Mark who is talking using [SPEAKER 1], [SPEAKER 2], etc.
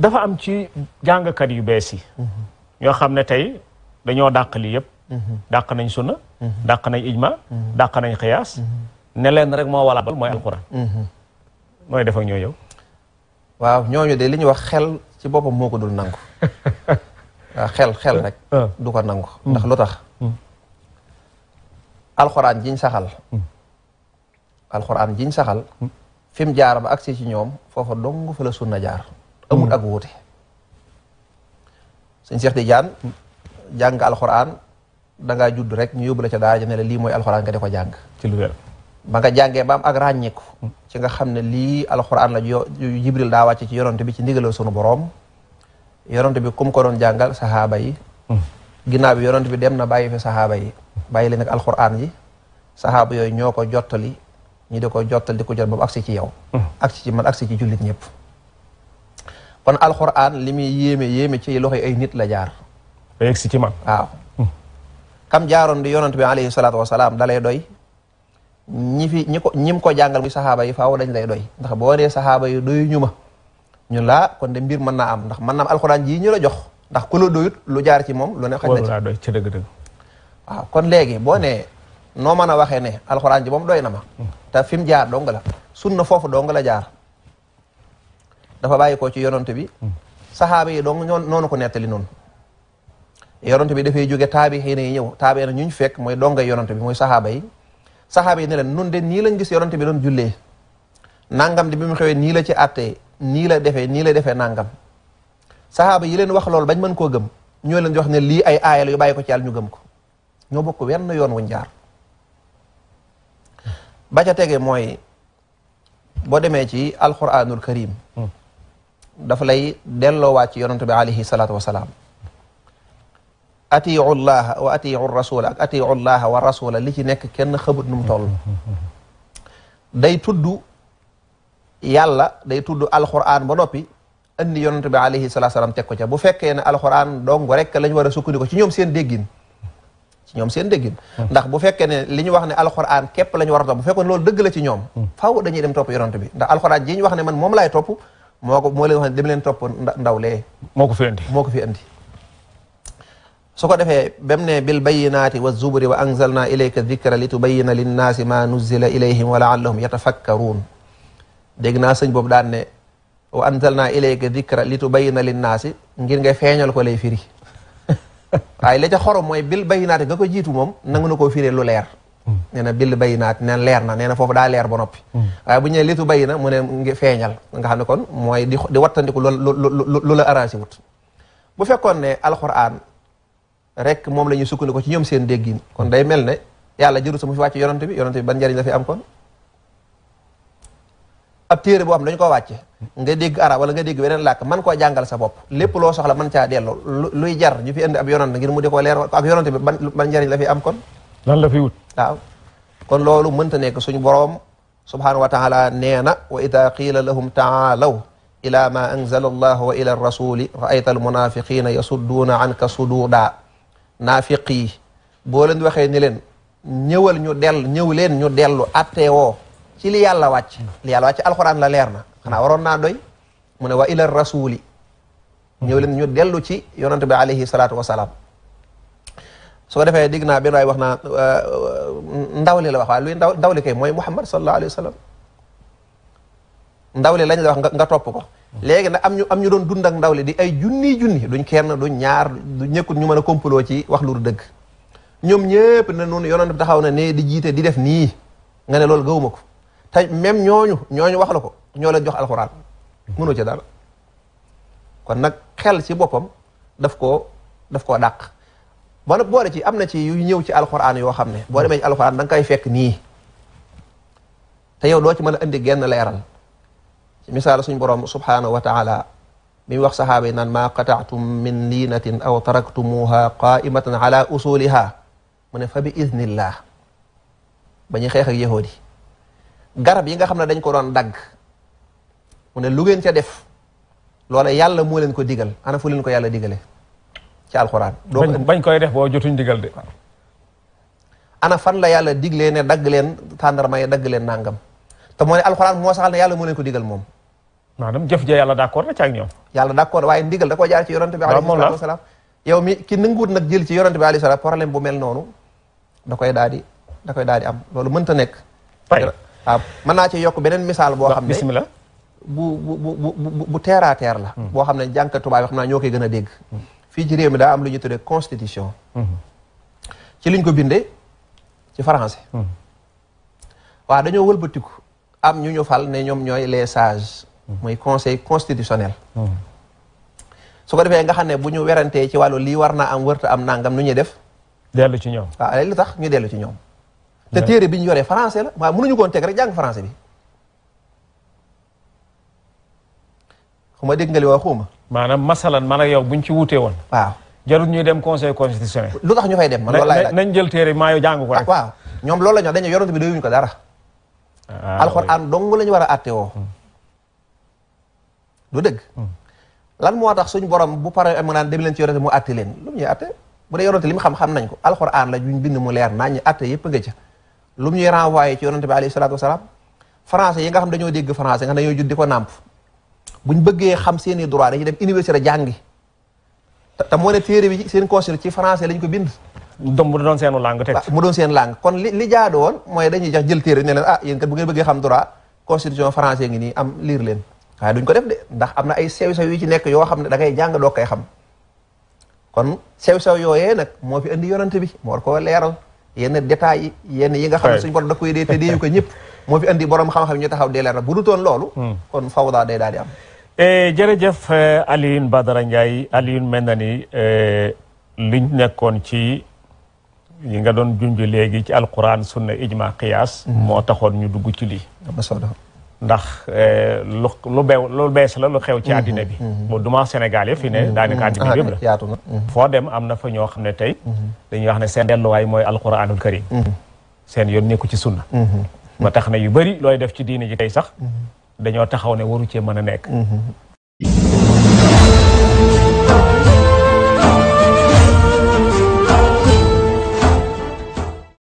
[SPEAKER 1] dafa am ci jàngkat yu bees yi ñoo xam ne tey dañoo dàq lii yëpp dàq nañ sunna dàq nañ ijma dàq nañ xiyaas ne leen rek moo wala bal mooy alquran mooy def ñoo yow waaw ñooñu de li ñuy wax xel ci boppam moo ko dul nangu waaw xel xel rek ah. du ko nangu hmm. ndax lu tax hmm. alxuraan jiñ saxal hmm. alxuraan jiñ saxal fi mu jaar ba agsi ci ñoom foofa dong fa la sunna jaar amul hmm. ak wuute sëñ Cheikh Tidiane jàng alxuraan da ngaa judd rek ñu yóbbu la ca daara ne la lii mooy alxuraan nga di ko jàng. ci lu wér ba nga jàngee ba ak ràññeeku. ci nga xam ne lii alxuraan la jo jibril daa wàcc ci yonante bi ci ndigalal sunu borom yonante bi kum ko doon jàngal saxaaba yi. Hmm. ginaaw bi yonante bi dem na bàyyi fi saxaaba yi. bàyyi leen ak alxuraan ji saxaaba yooyu ñoo ko jottali ñu di ko jottali di jot ba mu ci yow. Hmm. agsi ci man agsi ci jullit ñëpp. kon alxuraan li muy yéeme yéeme ci loxo ay nit la jaar. ba ci man waaw. Hmm. kam jaaroon di yonent bi alayhi salaam da doy. ñi fi ñi ko ñi jàngal muy saxaaba yi faaw dañ lay doy ndax boo nee saxaaba yi doy ñu ma ñun laa kon de mbir mën naa am ndax mën na am alxuraan jii ñu la jox ndax ku la doyut lu jaar ci moom lu ne xaj na doy ci kon léegi boo nee noo mën a waxee ne alxuraan ji moom doy na ma hmm. te fi mu jaar dong la sunna foofu dong la jaar dafa bàyyi koo ci yonante bi hmm. saxaaba yi donc ñoon noonu ko nettali noonu yonante bi dafay jóge taabixiina yi ñëw taabixiina ñu ñu fekk mooy dongay yonante bi mooy saxaaba yi saxaaba yi ne leen nun de nii lañ gis yonante bi doon jullee nangam di bi mu xewee nii la ci attee nii la defee nii la defee nangam saxaaba yi leen wax loolu bañ mën koo gëm ñoo leen di wax ne lii ay aayal yu bàyyi ko ci ñu gëm ko ñoo bokk wenn yoon wuñ jaar ba ca tege mooy boo demee ci alquranul karim hmm. dafa lay delloowaat ci yonent bi alayhi salaatu wasalaam atiu llaha wa atiu rasula ak atiu llaha li ci nekk kenn xamut nu mu toll day tudd yàlla day tudd alquran ba noppi andi yonent bi alayhi salaatu salaam teg ko ca bu fekkee ne alquran dong rek lañ war a sukkandiku ci ñoom seen déggin ci ñoom seen déggin ndax bu fekkee ne li ñu wax ne alquran képp la ñu war a topp bu fekkoon loolu dëgg la ci ñoom hmm. faaw dañuy dem topp yonent bi ndax alquran ji ñu wax ne man moom laay topp moo ko moo dem leen topp ndaw lee moo ko fi andi moo ko fi andi su ko defee bam ne bil bayyinaati wa zuburi wa anzalna ilayka dikra li tubayyina linnaasi ma nuzzila ilayhim wa laallahum yatafakkaruun dégg naa sëñ boobu daan ne wa anzalna ilayka dikra li tubayyina linnaasi ngir nga feeñal ko lay firi waaye la ca xorom mooy bil bayyinaati nga ko jiitu moom nangu na koo firee lu leer nee na bill bay naat na leer na nee na foofu daa leer ba noppi mm. waaye bu ñu nee litu bay na mu ne ngi feeñal nga xam ne kon mooy di di wattandiku loolu lu la arrangé wut bu fekkoon ne alxuraan rek moom la ñuy sukkandiku ci ñoom seen déggin kon day mel ne yàlla jëru sama mu wàcce yonante bi yonante bi ban njëriñ la fi am kon ab téere boo ko wàcce nga dégg arab wala nga dégg weneen làkk man koo jàngal sa bopp lépp loo soxla man caa delloo luy jar ñu fi indi ab yonant ngir mu di ko ak yonante bi ban ban njëriñ la fi am kon lan la fi kon loolu mënta nekk suñu boroom subhaanahu wa taala nee na wa ida qiila lahum taalaw ila ma anzala allah wa ila rasuli raayta almunafiqina yasudduuna anka suduuda naafiq yi boo leen waxee ni leen ñëwal ñu dell ñëw leen ñu dellu atteewoo ci li yàlla wàcc li yàlla wàcc la leer na xanaa waroon naa doy mu wa ila rasuli ñëw leen ñu dellu ci yonante bi alayhi salaatu wasalaam soo ko defee dégg naa benn waay wax naa euh, euh, ndaw li la wax waaye luy ndaw ndaw li kay mooy Muhammad sallallahu alayhi wa sallam ndaw li lañ la wax nga topp ko léegi nag am ñu am ñu doon dund ak li di ay junni junni duñ kenn duñ ñaar du ñu mën a ci wax lu dëgg ñoom ñëpp na noonu yonent bi taxaw na ne di jiite di def nii nga ne loolu gawuma ko te même ñooñu ñooñu wax la ko ñoo la jox alxuraan mënoo ci dara kon nag xel ci boppam daf koo daf koo dàq ba nag boole ci am na ci yu ñëw ci alxuraan yoo xam ne boo demee ci alxuraan da nga koy fekk nii te yow doo ci mën a indi genn leeral ci misaal suñ borom subhaanahu wa taala mi wax saxaaba yi naan maa qataatum min liinatin aw taraktumuha qaimatan ala usuliha mu ne fa bi idnillah ba ñuy xeex ak yahood garab yi nga xam ne dañ ko doon dagg mu ne lu ngeen ca def loola yàlla moo leen ko digal ana fu leen ko yàlla digale ci alxuraan. bañ koy def boo jotuñ digal de. ana fan la yàlla diglee ne dagg leen tàndarma yi dagg leen nangam te moo ne alxuraan moo saxal ne yàlla moo leen ko digal moom. dam jëf ja yàlla d'accord na ak ñoom. yàlla d'accord waaye ndigal da koo jaar ci yonante bi. waaw yow mi ki nanguwut nag jël ci yonante bi alayhi salaam problème bu mel noonu da koy daal di daal di am loolu mënta nekk. waaw mën naa ci yokk beneen misaal boo xam ne bu bu bu bu bu teeraa teer la. Hmm. boo xam ne jànk tubaab yi xam naa ñoo koy gën a dégg. Hmm. fii ci réew mi daa am lu ñu tuddee constitution. ci liñ ko bindee ci français. Hmm. waaw dañoo wëlbatiku am ñu ñu fal ne ñoom ñooy les sages. mooy hmm. conseil constitutionnel. Hmm. su ko defee nga xam ne bu ñu werantee ci wàllu lii war naa am wërta am nangam nu ñuy def. dellu ci ñoom waaw lu tax ñu dellu ci ñoom. te téere bi ñu yoree français la waaw mënuñu koon teg rek jàng français bi. xuma dégg nga li xuuma. maanaam masalan man ak yow buñ ci wutee woon. waaw jarul ñuy dem conseil constitutionnel. lu tax ñu fay dem man loolu laay nañ jël téere maa yo ko rek. Ah, waaw ñoom loolu la dañ wax dañu yonent bi ko dara. Ah, alxuraan dong la war a àtte hmm. dëgg. Hmm. lan moo tax suñu borom bu pare mu naan dem leen ci yonent mu àtte leen lu ñuy àtte bu dee yonent li mu xam-xam nañ ko alxuraan la juñ bind mu leer naa ñu àtte yëpp nga ca. lu mu ñuy renvoyé ci yonent bi alayhi salaatu wasalaam yi nga xam dañoo dégg français nga dañoo judd di ko nàmp buñ bëggee xam seeni droit dañuy dem université jàngi te moo ne téere bi seen constitution ci français lañ ko bind donc mu doon seenu langue teg mu doon seen langue kon li li jaadoon mooy dañuy jax jël téere ne leen ah yéen bu ngeen bëggee xam droit constitution français ngi nii am liir leen waaye duñ ko def de ndax am na ay sew-sew yu ci nekk yoo xam ne da ngay jàng doo koy xam kon sew-sew yooyee nag moo fi indi yonante bi moo war koo leeral yenn détails yi yenn yi nga xam ne suñ borom da koy dee te deeyu ko ñëpp moo fi indi borom xam-xam ñu taxaw dee leeral bu dutoon loolu hmm. kon fawda day daal di am Eh, jërëjëf eh, Alioune Badara Ndiaye Alioune mel na ni eh, liñ nekkoon ci yi nga doon junj léegi ci alquran sunna ijma qiyaas mhm. moo taxoon ñu dugg ci lii ndax lu lu beew lu bees la lu xew ci mhm. àddina bi mu mhm. duma Sénégal yi fi ne daanaka àddina bi ah, yëpp la foo dem am na fa ñoo xam ne tey dañuy wax ne seen delluwaay mooy alquranul karim seen yoon nekku ci sunna ba tax na yu bëri looy def ci diine ji tey sax dañoo taxaw ne waru cee mën a nekk mm-hmm.